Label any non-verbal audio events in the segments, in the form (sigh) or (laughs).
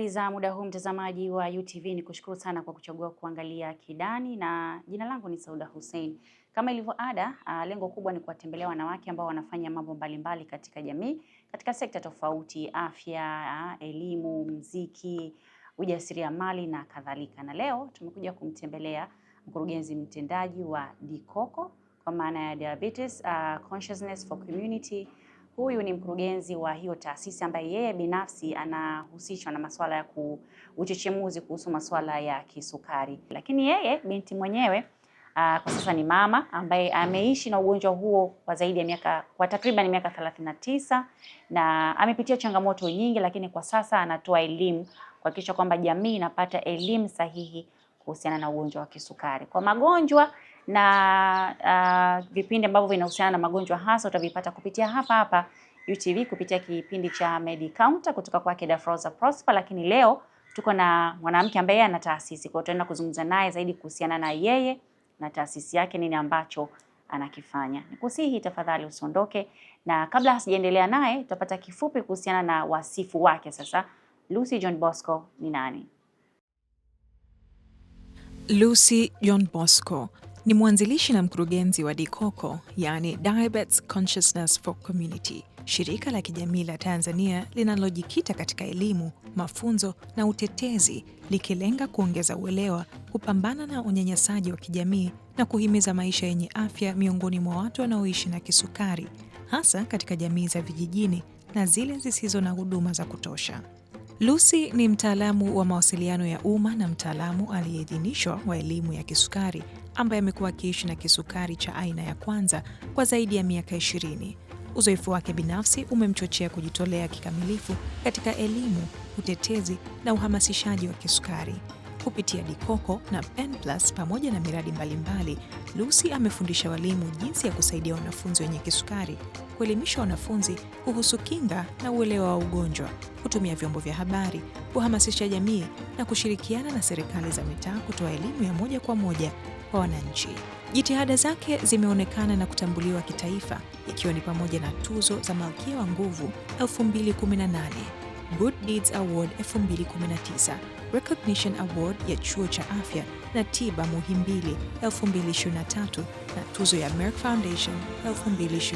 habari za muda huu mtazamaji wa UTV, ni kushukuru sana kwa kuchagua kuangalia Kidani, na jina langu ni Sauda Hussein. Kama ilivyo ada, lengo kubwa ni kuwatembelea wanawake ambao wanafanya mambo mbalimbali katika jamii katika sekta tofauti: afya, elimu, muziki, ujasiriamali na kadhalika. Na leo tumekuja kumtembelea mkurugenzi mtendaji wa DICOCO kwa maana ya Diabetes Consciousness for Community huyu ni mkurugenzi wa hiyo taasisi ambaye yeye binafsi anahusishwa na masuala ya uchechemuzi kuhusu masuala ya kisukari, lakini yeye binti mwenyewe Uh, kwa sasa ni mama ambaye ameishi na ugonjwa huo kwa zaidi ya miaka kwa takriban miaka thelathini na tisa na amepitia changamoto nyingi, lakini kwa sasa anatoa elimu kuhakikisha kwamba jamii inapata elimu sahihi kuhusiana na ugonjwa wa kisukari kwa magonjwa na uh, vipindi ambavyo vinahusiana na magonjwa hasa utavipata kupitia hapa hapa UTV kupitia kipindi cha Counter kutoka kwake Dafroza Prosper, lakini leo tuko na mwanamke ambaye ana taasisi, kwa tutaenda kuzungumza naye zaidi kuhusiana na yeye na taasisi yake, nini ambacho anakifanya. Nikusihi tafadhali usiondoke, na kabla hasijaendelea naye tutapata kifupi kuhusiana na wasifu wake. Sasa Lucy John Bosco ni nani? Lucy John Bosco ni mwanzilishi na mkurugenzi wa DICOCO, yani Diabetes Consciousness for Community, shirika la kijamii la Tanzania linalojikita katika elimu, mafunzo na utetezi, likilenga kuongeza uelewa, kupambana na unyanyasaji wa kijamii na kuhimiza maisha yenye afya miongoni mwa watu wanaoishi na kisukari, hasa katika jamii za vijijini na zile zisizo na huduma za kutosha. Lucy ni mtaalamu wa mawasiliano ya umma na mtaalamu aliyeidhinishwa wa elimu ya kisukari ambaye amekuwa akiishi na kisukari cha aina ya kwanza kwa zaidi ya miaka 20. Uzoefu wake binafsi umemchochea kujitolea kikamilifu katika elimu, utetezi na uhamasishaji wa kisukari. Kupitia Dikoko na PenPlus pamoja na miradi mbalimbali, Lucy amefundisha walimu jinsi ya kusaidia wanafunzi wenye kisukari, kuelimisha wanafunzi kuhusu kinga na uelewa wa ugonjwa, kutumia vyombo vya habari, kuhamasisha jamii na kushirikiana na serikali za mitaa kutoa elimu ya moja kwa moja kwa wananchi. Jitihada zake zimeonekana na kutambuliwa kitaifa, ikiwa ni pamoja na tuzo za Malkia wa Nguvu 2018, Good Deeds Award 2019, Recognition Award ya Chuo cha Afya na Tiba Muhimbili 2023 na tuzo ya Merck Foundation 2024.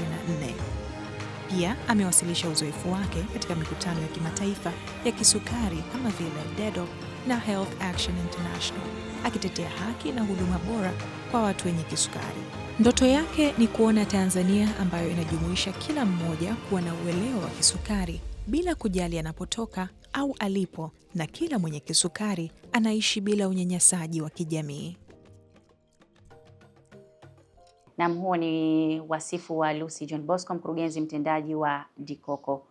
Pia amewasilisha uzoefu wake katika mikutano ya kimataifa ya kisukari kama vile DEDO na Health Action International akitetea haki na huduma bora kwa watu wenye kisukari. Ndoto yake ni kuona Tanzania ambayo inajumuisha kila mmoja kuwa na uelewa wa kisukari bila kujali anapotoka au alipo, na kila mwenye kisukari anaishi bila unyanyasaji wa kijamii. Nam, huo ni wasifu wa Lucy John Bosco, mkurugenzi mtendaji wa DICOCO.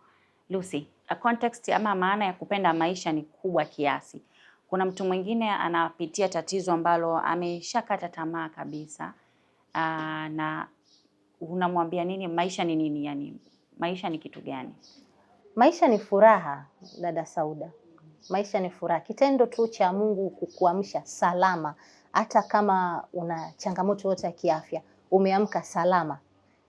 Lucy, context ama maana ya kupenda maisha ni kubwa kiasi kuna mtu mwingine anapitia tatizo ambalo ameshakata tamaa kabisa, aa, ah, na unamwambia nini? Maisha ni nini? Yani maisha ni kitu gani? Maisha ni furaha, dada Sauda. Maisha ni furaha, kitendo tu cha Mungu kukuamsha salama, hata kama una changamoto yote ya kiafya, umeamka salama,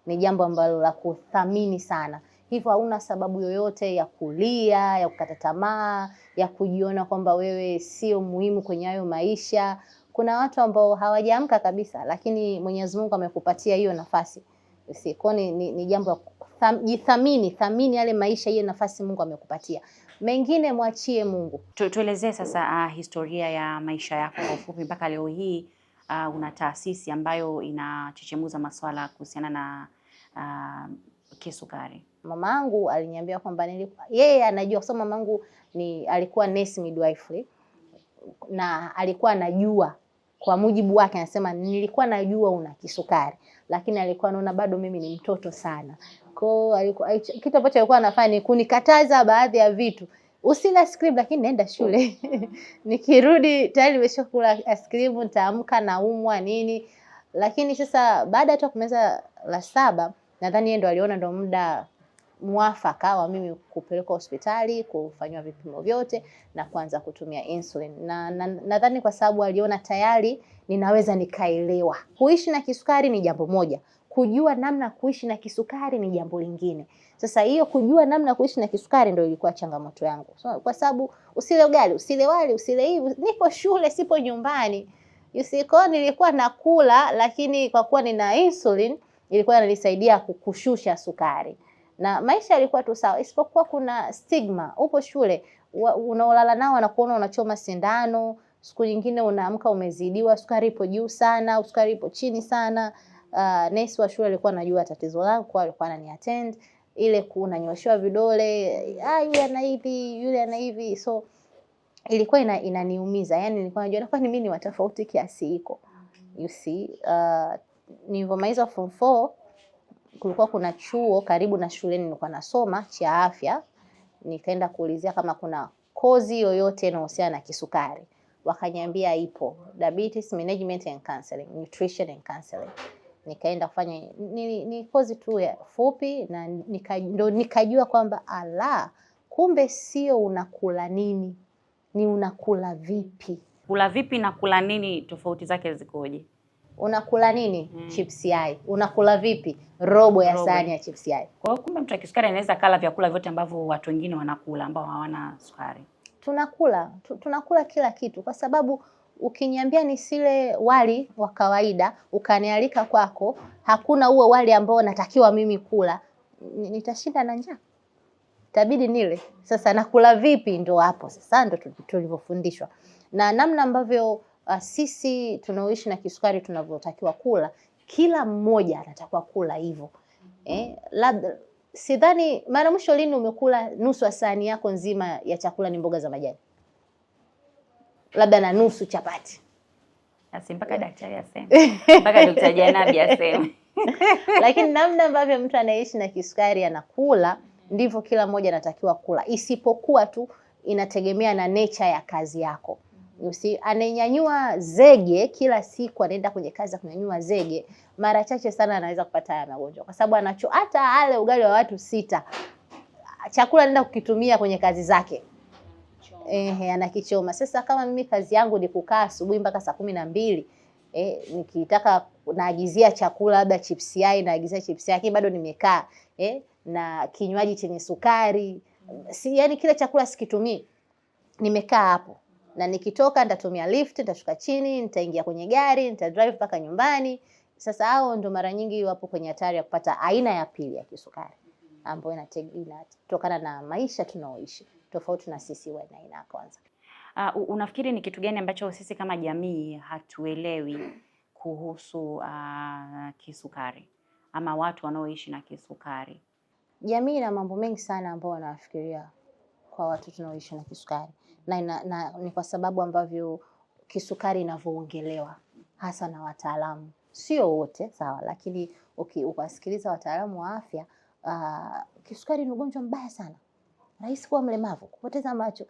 ni jambo ambalo la kuthamini sana hivyo hauna sababu yoyote ya kulia, ya kukata tamaa, ya kujiona kwamba wewe sio muhimu kwenye hayo maisha. Kuna watu ambao hawajaamka kabisa, lakini Mwenyezi Mungu amekupatia hiyo nafasi. Kwa ni, ni, ni jambo la jithamini, thamini yale maisha, hiyo nafasi Mungu amekupatia. Mengine mwachie Mungu. tuelezee sasa uh, historia ya maisha yako kwa ufupi mpaka leo hii. Uh, una taasisi ambayo inachechemuza masuala kuhusiana na uh, ah, kisukari mamangu aliniambia kwamba nilikuwa yeye anajua kwa sababu mamangu ni alikuwa nurse midwife na alikuwa anajua kwa mujibu wake anasema nilikuwa najua una kisukari, lakini alikuwa anaona bado mimi ni mtoto sana. Kwa alikuwa kitu ambacho alikuwa anafanya ni kunikataza baadhi ya vitu, usila ice cream, lakini naenda shule (laughs) nikirudi tayari nimeshakula ice cream, nitaamka umwa nini. Lakini sasa baada ya tu la saba, nadhani yeye ndo aliona ndo muda mwafaka wa mimi kupelekwa hospitali kufanyiwa vipimo vyote na kuanza kutumia insulin, na nadhani na kwa sababu aliona tayari ninaweza nikaelewa. Kuishi na kisukari ni jambo moja, kujua namna kuishi na kisukari ni jambo lingine. Sasa hiyo kujua namna kuishi na kisukari ndio ilikuwa changamoto yangu, so, kwa sababu usile ugali, usile wali, usile hivi, niko shule, sipo nyumbani usikoo, nilikuwa nakula, lakini kwa kuwa nina insulin ilikuwa inanisaidia kushusha sukari na maisha yalikuwa tu sawa, isipokuwa kuna stigma. Upo shule unaolala nao wanakuona unachoma sindano, siku nyingine unaamka umezidiwa, sukari ipo juu sana, sukari ipo chini sana. Uh, nesi wa shule alikuwa anajua tatizo langu, kwa alikuwa anani attend ile kunanyoshewa vidole, ah, yule ana hivi, yule ana hivi, so ilikuwa ina, inaniumiza yani, nilikuwa najua na kwani mimi ni watofauti kiasi hiko, you see. Uh, nilivyomaliza form 4 kulikuwa kuna chuo karibu na shuleni nilikuwa nasoma cha afya, nikaenda kuulizia kama kuna kozi yoyote inahusiana na kisukari, wakaniambia ipo diabetes management and counseling, nutrition and counseling. Nikaenda kufanya ni, ni kozi tu ya fupi na nika, ndo nikajua kwamba ala, kumbe sio unakula nini, ni unakula vipi. Kula vipi na kula nini, tofauti zake zikoje? unakula nini? Mm. Chips yai. Unakula vipi? Robo ya Sahani ya chips yai. Kwa hiyo kumbe mtu wa kisukari anaweza kala vyakula vyote ambavyo watu wengine wanakula ambao hawana sukari. Tunakula tu, tunakula kila kitu kwa sababu ukiniambia sile wali wa kawaida ukanialika kwako, hakuna uwe wali ambao natakiwa mimi kula, nitashinda na njaa, itabidi nile. Sasa nakula vipi? Ndo hapo sasa ndo tulivyofundishwa na namna ambavyo uh, sisi tunaoishi na kisukari tunavyotakiwa kula, kila mmoja anatakiwa kula hivyo eh, labda sidhani mara mwisho lini umekula nusu ya sahani yako nzima ya chakula ni mboga za majani, labda na nusu chapati mpaka daktari aseme, mpaka Dr. Janabi aseme. (laughs) Lakini namna ambavyo mtu anayeishi na kisukari anakula ndivyo kila mmoja anatakiwa kula, isipokuwa tu inategemea na nature ya kazi yako usi ananyanyua zege kila siku, anaenda kwenye kazi ya kunyanyua zege, mara chache sana anaweza kupata haya magonjwa, kwa sababu anacho hata ale ugali wa watu sita, chakula anaenda kukitumia kwenye kazi zake Ehe, anakichoma. Sasa kama mimi kazi yangu ni kukaa asubuhi mpaka saa kumi na mbili eh, nikitaka naagizia chakula labda chips yai, naagizia chips yake bado nimekaa eh, na kinywaji chenye sukari si, yani kile chakula sikitumii, nimekaa hapo na nikitoka nitatumia lift, nitashuka chini, nitaingia kwenye gari, drive mpaka nyumbani. Sasa hao ndo mara nyingi wapo kwenye hatari ya kupata aina ya pili ya kisukari ambayo inatokana na maisha tunaoishi tofauti na sisi wa aina ya kwanza. Uh, unafikiri ni kitu gani ambacho sisi kama jamii hatuelewi kuhusu uh, kisukari ama watu wanaoishi na kisukari? Jamii ina mambo mengi sana ambayo wanafikiria kwa watu tunaoishi na kisukari na, na, na ni kwa sababu ambavyo kisukari inavyoongelewa hasa na wataalamu, sio wote sawa, lakini okay, ukasikiliza wataalamu wa afya uh, kisukari ni ugonjwa mbaya sana, rahisi kuwa mlemavu, kupoteza macho.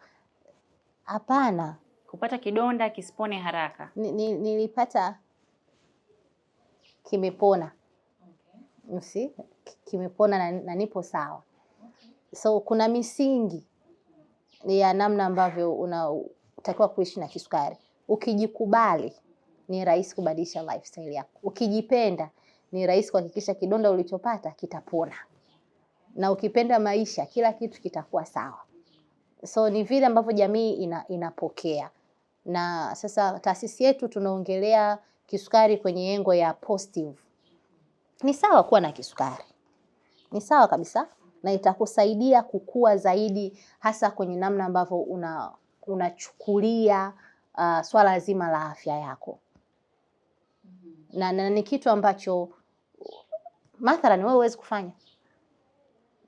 Hapana, kupata kidonda kisipone haraka. Nilipata ni, ni kimepona okay. Msi kimepona na, na nipo sawa okay. So kuna misingi ya namna ambavyo unatakiwa kuishi na kisukari. Ukijikubali ni rahisi kubadilisha lifestyle yako, ukijipenda ni rahisi kuhakikisha kidonda ulichopata kitapona, na ukipenda maisha kila kitu kitakuwa sawa. So ni vile ambavyo jamii ina, inapokea na sasa taasisi yetu tunaongelea kisukari kwenye engo ya positive. Ni sawa kuwa na kisukari, ni sawa kabisa na itakusaidia kukua zaidi, hasa kwenye namna ambavyo una unachukulia uh, swala zima la afya yako mm-hmm. na, na ni kitu ambacho mathalani wewe huwezi kufanya,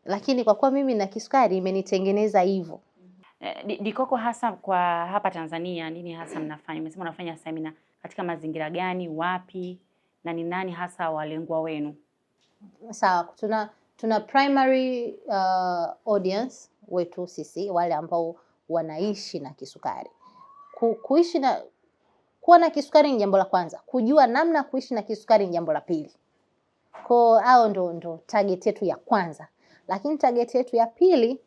lakini kwa kuwa mimi na kisukari imenitengeneza hivyo. Eh, dikoko, hasa kwa hapa Tanzania, nini hasa mnafanya? Umesema unafanya semina, katika mazingira gani, wapi, na ni nani hasa walengwa wenu? Sawa, tuna Tuna primary uh, audience wetu sisi wale ambao wanaishi na kisukari. Ku, kuishi na kuwa na kisukari ni jambo la kwanza, kujua namna kuishi na kisukari ni jambo la pili. Kwa hao ndo, ndo target yetu ya kwanza, lakini target yetu ya pili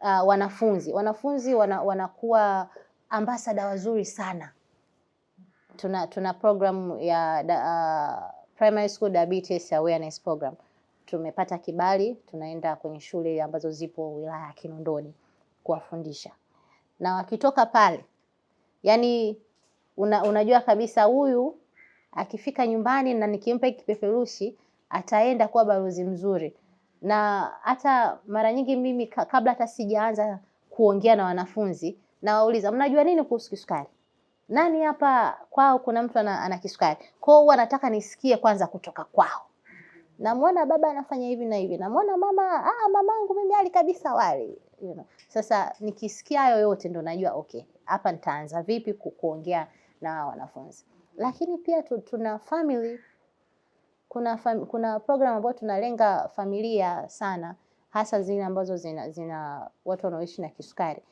uh, wanafunzi wanafunzi wana, wanakuwa ambasada wazuri sana. Tuna, tuna program ya uh, Primary School Diabetes Awareness Program tumepata kibali, tunaenda kwenye shule ambazo zipo wilaya ya Kinondoni kuwafundisha, na wakitoka pale, yani una, unajua kabisa huyu akifika nyumbani na nikimpa kipeperushi ataenda kuwa balozi mzuri. Na hata mara nyingi mimi kabla hata sijaanza kuongea na wanafunzi nawauliza, mnajua nini kuhusu kisukari? Nani hapa kwao kuna mtu ana, ana kisukari? Kwao hiyo huwa nataka nisikie kwanza kutoka kwao namwona baba anafanya hivi na hivi, namwona mama ah, mamangu mimi ali kabisa wali you know. Sasa nikisikia hayo yote ndo najua okay, hapa nitaanza vipi kuongea na wanafunzi. Lakini pia tu, tuna family kuna fam, kuna program ambayo tunalenga familia sana, hasa zile ambazo zina, zina watu wanaoishi na kisukari,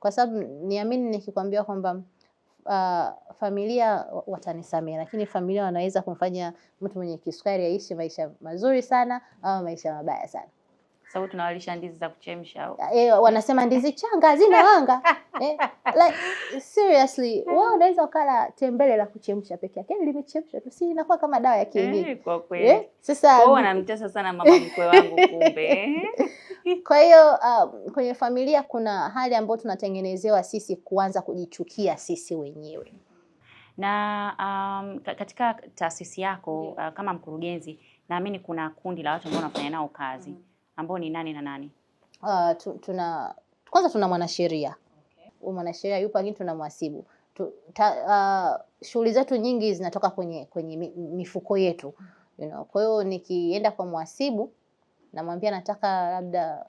kwa sababu niamini nikikwambia kwamba uh, familia watanisamea, lakini familia wanaweza kumfanya mtu mwenye kisukari aishi maisha mazuri sana au maisha mabaya sana. Sababu tunawalisha ndizi za kuchemsha au eh, eh wanasema ndizi changa zina wanga (laughs) eh, like, seriously wao unaweza ukala tembele la kuchemsha peke yake yaani limechemsha tu, si inakuwa kama dawa ya kienyeji eh, kwa kweli eh? Sasa wanamtesa sana mama mkwe wangu kumbe eh. (laughs) (laughs) Kwa hiyo um, kwenye familia kuna hali ambayo tunatengenezewa sisi kuanza kujichukia sisi wenyewe. Na um, katika taasisi yako uh, kama mkurugenzi, naamini kuna kundi la watu ambao unafanya nao kazi mm-hmm. ambao ni nani na nani? Uh, tu, tuna kwanza tuna mwanasheria okay. Mwanasheria yupo lakini tuna mwasibu tu, uh, shughuli zetu nyingi zinatoka kwenye kwenye mifuko yetu mm. you know. Kwa hiyo nikienda kwa mwasibu namwambia nataka labda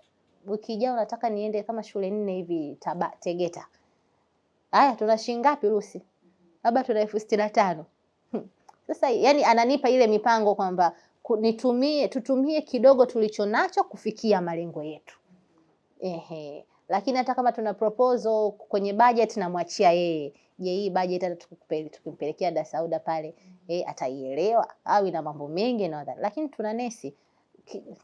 wiki ijayo nataka niende kama shule nne hivi taba Tegeta. Haya, tuna shilingi ngapi ruhusi? Labda tuna elfu sitini na tano. Hmm. Sasa yani ananipa ile mipango kwamba nitumie tutumie kidogo tulicho nacho kufikia malengo yetu. Ehe. Lakini hata kama tuna proposal kwenye budget namwachia yeye. Je, hii budget hata tukimpelekea Dasauda pale, eh, ataielewa au ina mambo mengi na wadhani. Lakini tuna nesi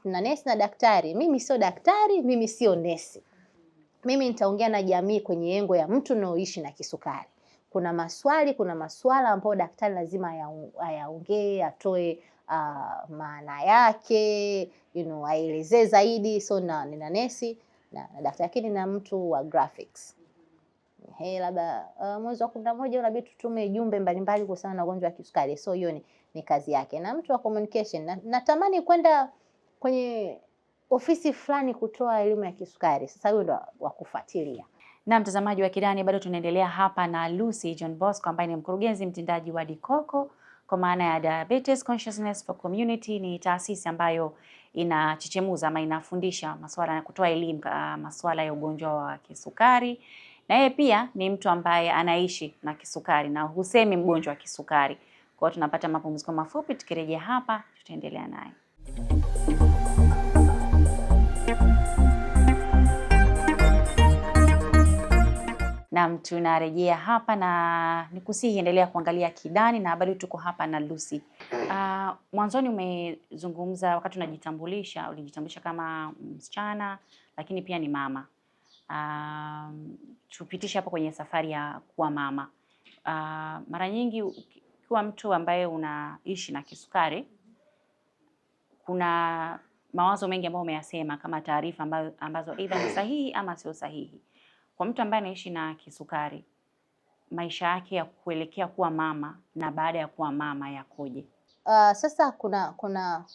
na nesi na daktari. Mimi sio daktari, mimi sio nesi. Mimi nitaongea na jamii kwenye engo ya mtu unaoishi na kisukari. Kuna maswali, kuna maswala ambayo daktari lazima ayaongee, atoe uh, maana yake, you know, aelezee zaidi. So na nina nesi na, na daktari, lakini na mtu wa graphics. Hey, labda uh, mwezi wa kumi na moja unabidi tutume jumbe mbalimbali kuhusiana na ugonjwa wa kisukari. So hiyo ni, ni kazi yake, na mtu wa communication. Natamani na kwenda kwenye ofisi fulani kutoa elimu ya kisukari. Sasa huyo ndo wa Na mtazamaji wa Kidani, bado tunaendelea hapa na Lucy John Bosco ambaye ni mkurugenzi mtendaji wa Dikoko kwa maana ya Diabetes Consciousness for Community. Ni taasisi ambayo inachechemuza ama inafundisha masuala na kutoa elimu ah, masuala ya ugonjwa wa kisukari, na yeye pia ni mtu ambaye anaishi na kisukari na husemi mgonjwa wa kisukari. Kwa hiyo tunapata mapumziko mafupi, tukirejea hapa tutaendelea naye. Naam, tunarejea hapa na nikusihi endelea kuangalia Kidani na bado tuko hapa na Lucy. Uh, mwanzoni umezungumza wakati unajitambulisha, ulijitambulisha kama msichana lakini pia ni mama. Uh, tupitishe hapo kwenye safari ya kuwa mama. Uh, mara nyingi ukiwa mtu ambaye unaishi na kisukari kuna mawazo mengi ambayo umeyasema kama taarifa ambazo, ambazo aidha ni sahihi ama sio sahihi kwa mtu ambaye anaishi na kisukari, maisha yake ya kuelekea kuwa mama na baada ya kuwa mama yakoje? Uh, sasa kuna kuna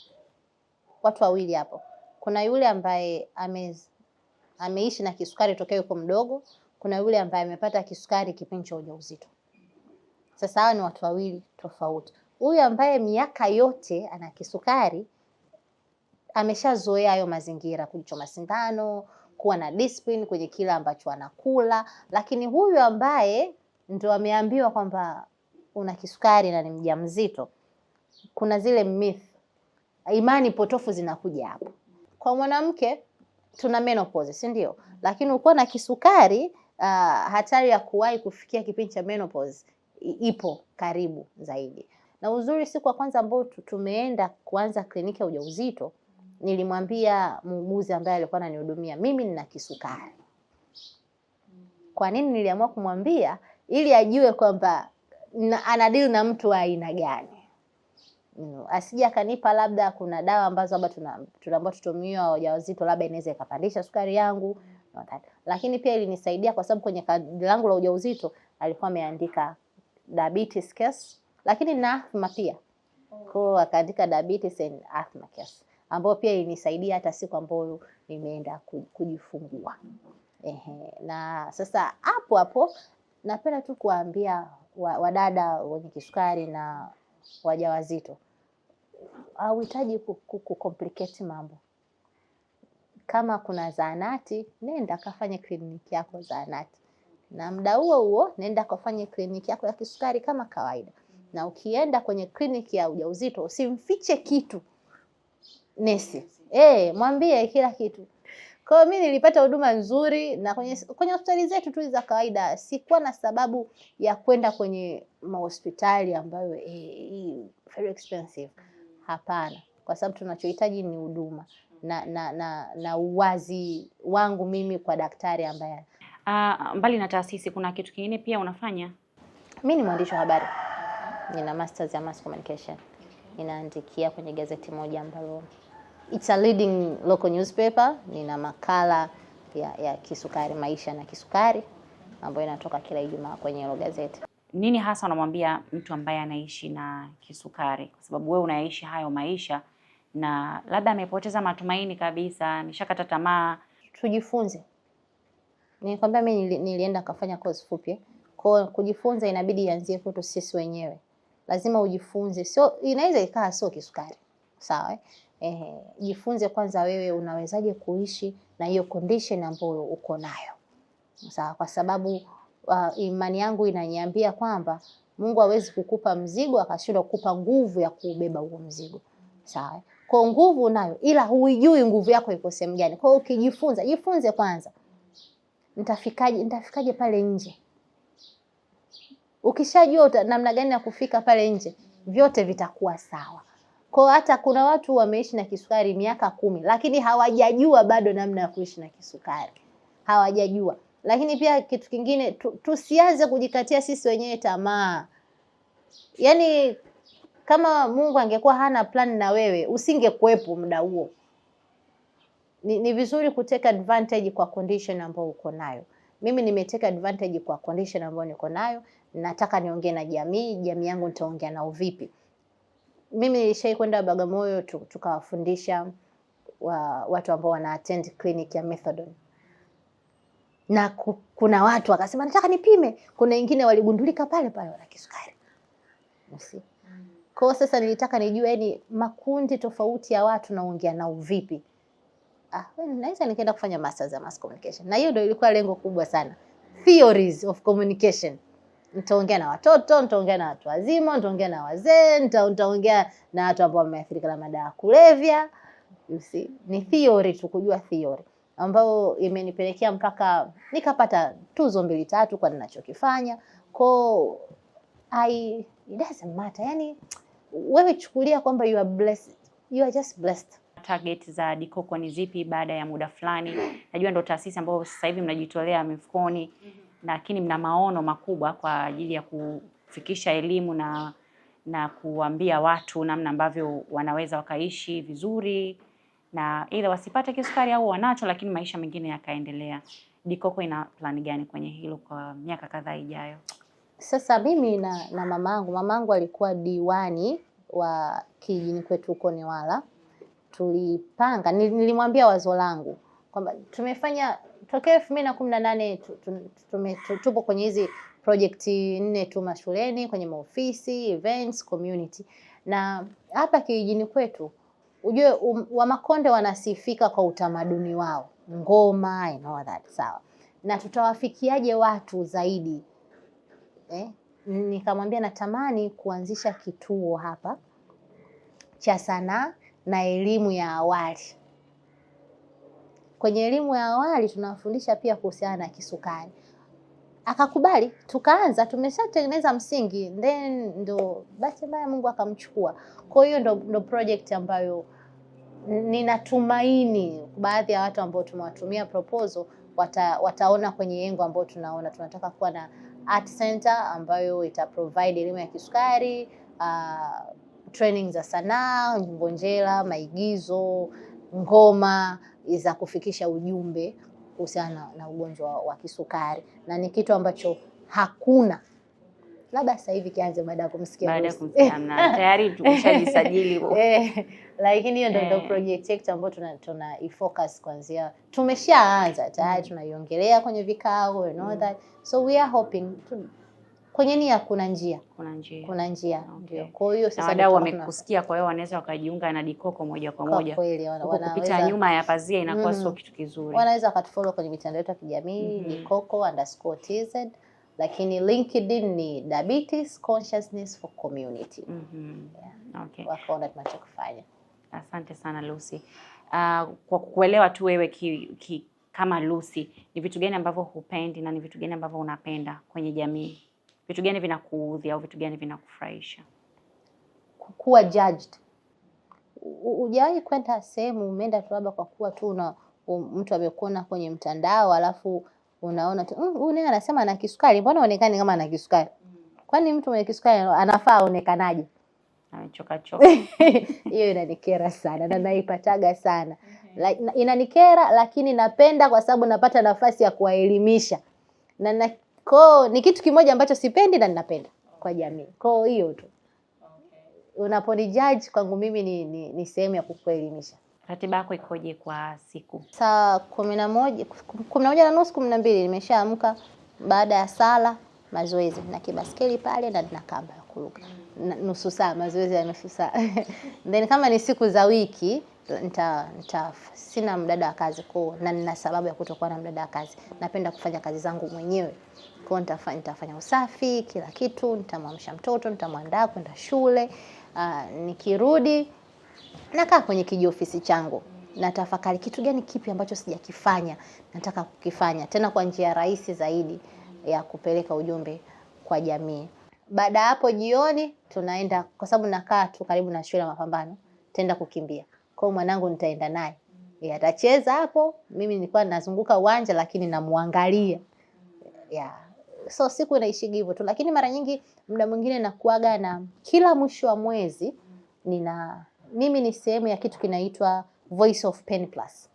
watu wawili hapo. Kuna yule ambaye ame, ameishi na kisukari tokea yuko mdogo, kuna yule ambaye amepata kisukari kipindi cha ujauzito. Sasa hawa ni watu wawili tofauti. Huyu ambaye miaka yote ana kisukari ameshazoea hayo mazingira, kujichoma sindano kuwa na discipline kwenye kile ambacho anakula. Lakini huyu ambaye ndo ameambiwa kwamba una kisukari na ni mjamzito, kuna zile myth, imani potofu zinakuja hapo. Kwa mwanamke tuna menopause, si ndio? Lakini ukuwa na kisukari uh, hatari ya kuwahi kufikia kipindi cha menopause ipo karibu zaidi. Na uzuri siku ya kwanza ambao tumeenda kuanza kliniki ya ujauzito nilimwambia muuguzi ambaye alikuwa ananihudumia, mimi nina kisukari. Kwa nini niliamua kumwambia? Ili ajue kwamba anadili na mtu wa aina gani, asije akanipa labda kuna dawa ambazo labda tunaambiwa tutumiwa wajawazito, labda inaweza ikapandisha sukari yangu. Lakini pia ilinisaidia kwa sababu kwenye kadi langu la ujauzito alikuwa ameandika diabetes case, lakini na asthma pia, kwa akaandika diabetes and asthma case ambayo pia ilinisaidia hata siku ambayo nimeenda kujifungua. Ehe, na sasa hapo hapo napenda tu kuwaambia wadada wa wenye kisukari na wajawazito hauhitaji kukompliketi mambo. Kama kuna zahanati, nenda kafanye kliniki yako zahanati, na muda huo huo nenda kafanye kliniki yako ya kisukari kama kawaida. Na ukienda kwenye kliniki ya ujauzito usimfiche kitu nesi eh, mwambie kila kitu. Kwa hiyo mimi nilipata huduma nzuri, na kwenye kwenye hospitali zetu tu za kawaida, sikuwa na sababu ya kwenda kwenye mahospitali ambayo eh, very expensive. Hapana, kwa sababu tunachohitaji ni huduma na na na na uwazi wangu mimi kwa daktari ambaye. Uh, mbali na taasisi kuna kitu kingine pia unafanya? Mimi ni mwandishi wa habari, nina masters ya mass communication, ninaandikia kwenye gazeti moja ambalo it's a leading local newspaper. Nina makala ya, ya kisukari, maisha na kisukari ambayo inatoka kila Ijumaa kwenye hilo gazeti. Nini hasa unamwambia mtu ambaye anaishi na kisukari, kwa sababu wewe unaishi hayo maisha na labda amepoteza matumaini kabisa, ameshakata tamaa? Tujifunze. nikwambia mimi nilienda kafanya course fupi, kwa kujifunza inabidi ianzie kwetu sisi wenyewe. Lazima ujifunze, sio inaweza ikaa sio kisukari, sawa eh? ehe, jifunze kwanza wewe unawezaje kuishi na hiyo condition ambayo uko nayo sawa, kwa sababu uh, imani yangu inaniambia kwamba Mungu hawezi kukupa mzigo akashindwa kukupa nguvu ya kuubeba huo mzigo. Sawa. Kwa nguvu nayo ila huijui nguvu yako iko sehemu gani. Kwa hiyo ukijifunza, jifunze kwanza. Nitafikaje, nitafikaje pale nje? Ukishajua namna gani ya kufika pale nje, vyote vitakuwa sawa. Kwa hata kuna watu wameishi na kisukari miaka kumi, lakini hawajajua bado namna ya kuishi na kisukari, hawajajua. Lakini pia kitu kingine tu, tusianze kujikatia sisi wenyewe tamaa. Yaani kama Mungu angekuwa hana plan na wewe usingekuwepo muda huo. Ni, ni vizuri kuteka advantage kwa condition ambayo uko nayo. Mimi nimeteka advantage kwa condition ambayo niko nayo. Nataka niongee na jamii, jamii yangu nitaongea nao vipi? mimi nilishai kwenda Bagamoyo tukawafundisha wa, watu ambao wana attend clinic ya methadone na ku, kuna watu wakasema nataka nipime. Kuna wengine waligundulika pale pale wana kisukari. Kwa sasa nilitaka nijue ni yaani makundi tofauti ya watu naongea na uvipi. Ah, naweza nikaenda kufanya masters ya mass communication, na hiyo ndio ilikuwa lengo kubwa sana, theories of communication nitaongea na watoto, nitaongea na watu wazima, nitaongea na wazee, nitaongea na watu ambao wameathirika na madawa ya kulevya. ni theory tu, kujua theory ambayo imenipelekea mpaka nikapata tuzo mbili tatu kwa ninachokifanya. Ko I it doesn't Yani wewe chukulia kwamba you are blessed. You are just blessed. Target za Dikoko ni zipi baada ya muda fulani? Najua ndo taasisi ambayo sasa hivi mnajitolea mifukoni lakini mna maono makubwa kwa ajili ya kufikisha elimu na na kuambia watu namna ambavyo wanaweza wakaishi vizuri na ila wasipate kisukari au wanacho, lakini maisha mengine yakaendelea. Dikoko ina plani gani kwenye hilo kwa miaka kadhaa ijayo? Sasa mimi na, na mamangu mamangu alikuwa diwani wa kijijini kwetu huko Newala. Tulipanga, nilimwambia wazo langu kwamba tumefanya tokea elfu mbili na kumi na nane tupo kwenye hizi project nne tu mashuleni, kwenye maofisi, events, community na hapa kijijini kwetu ujue um, Wamakonde wanasifika kwa utamaduni wao ngoma and all that sawa, na tutawafikiaje watu zaidi eh? Nikamwambia natamani kuanzisha kituo hapa cha sanaa na elimu ya awali Kwenye elimu ya awali tunawafundisha pia kuhusiana na kisukari. Akakubali, tukaanza, tumeshatengeneza msingi, then ndo bahati mbaya Mungu akamchukua. Kwa hiyo ndo, ndo project ambayo ninatumaini baadhi ya watu ambao tumewatumia proposal wata, wataona kwenye engo ambayo tunaona tunataka kuwa na art center ambayo ita provide elimu ya kisukari, uh, training za sanaa, ngonjera, maigizo ngoma za kufikisha ujumbe kuhusiana na na ugonjwa wa kisukari, na ni kitu ambacho hakuna labda sasa hivi kianze baada ya kumsikia baada ya kumsikia na (laughs) tayari tumeshajisajili eh, lakini hiyo ndio ndio eh. project yetu ambayo tuna tuna focus kuanzia, tumeshaanza tayari, mm. tunaiongelea kwenye vikao and all mm. that, so we are hoping to kwenye nia kuna njia, kuna njia, kuna njia Okay. Kwa hiyo sasa wadau wamekusikia, kwa hiyo wanaweza wakajiunga na Dikoko moja kwa moja, Kweli kupita nyuma ya pazia inakuwa mm, sio kitu kizuri. Wanaweza wakatufollow kwenye mitandao yetu ya kijamii mm -hmm. Dikoko_tz lakini LinkedIn ni Diabetes Consciousness for Community. mm -hmm. yeah. Okay. Wakaona tunachokifanya. Asante sana Lucy. Uh, kwa kuelewa tu wewe ki, ki, kama Lucy ni vitu gani ambavyo hupendi na ni vitu gani ambavyo unapenda kwenye jamii? vitu gani vinakuudhi au vitu gani vinakufurahisha? Kukuwa judged. Hujawahi kwenda sehemu umeenda tu labda kwa kuwa tu una mtu amekuona kwenye mtandao alafu unaona tu mm, huyu naye anasema ana kisukari, mbona aonekane kama ana kisukari? Mm. Kwani mtu mwenye kisukari anafaa aonekanaje? Amechoka (laughs) choka. Hiyo inanikera sana na naipataga sana. like, inanikera lakini napenda kwa sababu napata nafasi ya kuwaelimisha na koo ni kitu kimoja ambacho sipendi na ninapenda kwa jamii. Kwao hiyo tu. Okay. kwangu mimi ni, ni, ni sehemu ya kukuelimisha. Ratiba yako ikoje kwa siku? Saa kumi na moja kumi na nusu kumi na mbili nimeshaamka. Baada ya sala mazoezi na kibaskeli pale na nina kamba ya kuruka nusu saa, mazoezi ya nusu saa (laughs) then kama ni siku za wiki nita, nita sina mdada wa kazi kwao, na nina sababu ya kutokuwa na mdada wa kazi, napenda kufanya kazi zangu mwenyewe. Kwa nitafanya, nitafanya usafi kila kitu, nitamwamsha mtoto, nitamwandaa kwenda shule. Uh, nikirudi nakaa kwenye kijiofisi changu na tafakari kitu gani kipi ambacho sijakifanya nataka kukifanya tena kwa njia rahisi zaidi ya kupeleka ujumbe kwa jamii. Baada ya hapo jioni, tunaenda kwa sababu nakaa tu karibu na shule ya Mapambano, tutaenda kukimbia. Kwa mwanangu nitaenda naye, yeye atacheza hapo, mimi nilikuwa nazunguka uwanja, lakini namwangalia yeah so siku inaishiga hivyo tu, lakini mara nyingi muda mwingine nakuaga na kila mwisho wa mwezi nina mimi ni sehemu ya kitu kinaitwa Voice of Pen Plus.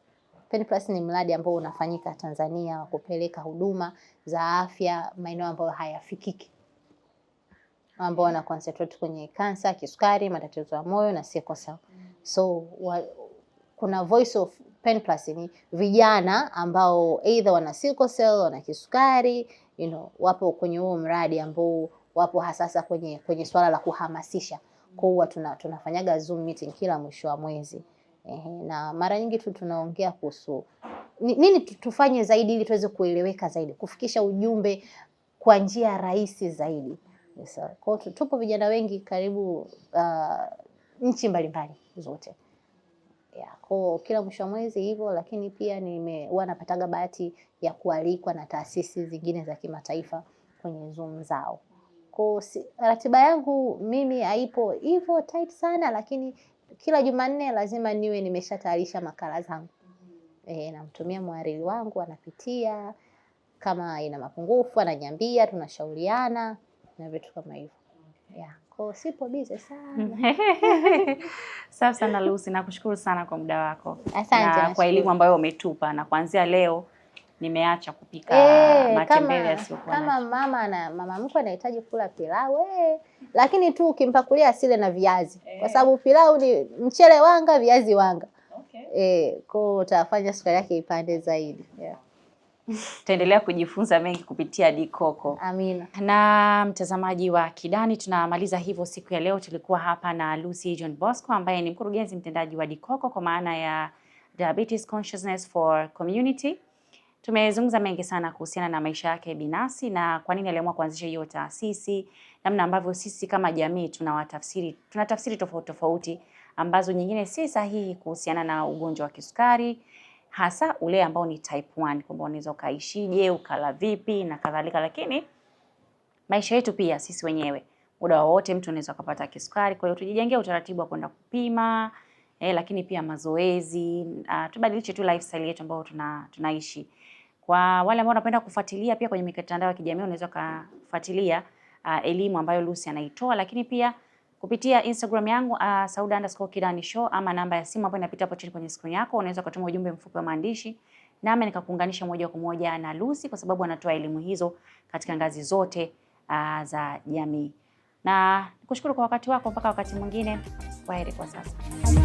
Pen Plus ni mradi ambao unafanyika Tanzania wa kupeleka huduma za afya maeneo ambayo hayafikiki, ambao wana concentrate kwenye kansa, kisukari, matatizo ya moyo na sickle cell. So wa, kuna Voice of Pen Plus ni vijana ambao either wana sickle cell, wana kisukari you know, wapo kwenye huo mradi ambao wapo hasasa kwenye, kwenye swala la kuhamasisha kwa huwa tuna, tunafanyaga Zoom meeting kila mwisho wa mwezi ehe, na mara nyingi tu tunaongea kuhusu nini tufanye zaidi ili tuweze kueleweka zaidi, kufikisha ujumbe kwa njia rahisi zaidi. Yes, kwa tupo vijana wengi karibu uh, nchi mbalimbali zote yeah, kwa kila mwisho wa mwezi hivyo, lakini pia nimehuwa napataga bahati ya kualikwa na taasisi zingine za kimataifa kwenye Zoom zao. si, ratiba yangu mimi haipo hivyo tight sana, lakini kila Jumanne lazima niwe nimeshatayarisha makala zangu. E, namtumia mhariri wangu anapitia, kama ina mapungufu ananiambia, tunashauriana na vitu kama hivyo yeah wako sipo bize sana. (laughs) Safi sana Lucy, nakushukuru sana kwa muda wako. Asante na kwa elimu ambayo umetupa na kuanzia leo nimeacha kupika hey, eh, matembele yasiokuwa kama mama na mama mko anahitaji kula pilau hey. Eh. Lakini tu ukimpakulia asile na viazi hey. Kwa eh. sababu pilau ni mchele wanga viazi wanga okay. Hey, kwa utafanya sukari yake ipande zaidi yeah tutaendelea kujifunza mengi kupitia Dikoko. Amina. Na mtazamaji wa Kidani, tunamaliza hivyo siku ya leo. Tulikuwa hapa na Lucy John Bosco ambaye ni mkurugenzi mtendaji wa Dikoko kwa maana ya Diabetes Consciousness for Community. Tumezungumza mengi sana kuhusiana na maisha yake binafsi na kwa nini aliamua kuanzisha hiyo taasisi, namna ambavyo sisi kama jamii tunawatafsiri, tuna tafsiri tofauti tofauti ambazo nyingine si sahihi kuhusiana na ugonjwa wa kisukari hasa ule ambao ni type 1 kwamba unaweza ukaishije, ukala vipi na kadhalika, lakini maisha yetu pia sisi wenyewe muda wowote mtu unaweza kupata kisukari. Kwa hiyo tujijengee utaratibu wa kwenda kupima eh, lakini pia mazoezi uh, tubadilishe tu lifestyle yetu ambayo tuna, tunaishi. Kwa wale ambao wanapenda kufuatilia pia kwenye mitandao ya kijamii unaweza kufuatilia uh, ah, elimu ambayo Lucy anaitoa, lakini pia kupitia Instagram yangu uh, Sauda underscore Kidani Show ama namba ya simu ambayo inapita hapo chini kwenye screen yako, unaweza ukatuma ujumbe mfupi wa maandishi nami nikakuunganisha moja kwa moja na Lucy, kwa sababu anatoa elimu hizo katika ngazi zote uh, za jamii. Na nikushukuru kwa wakati wako, mpaka wakati mwingine, kwaheri kwa sasa.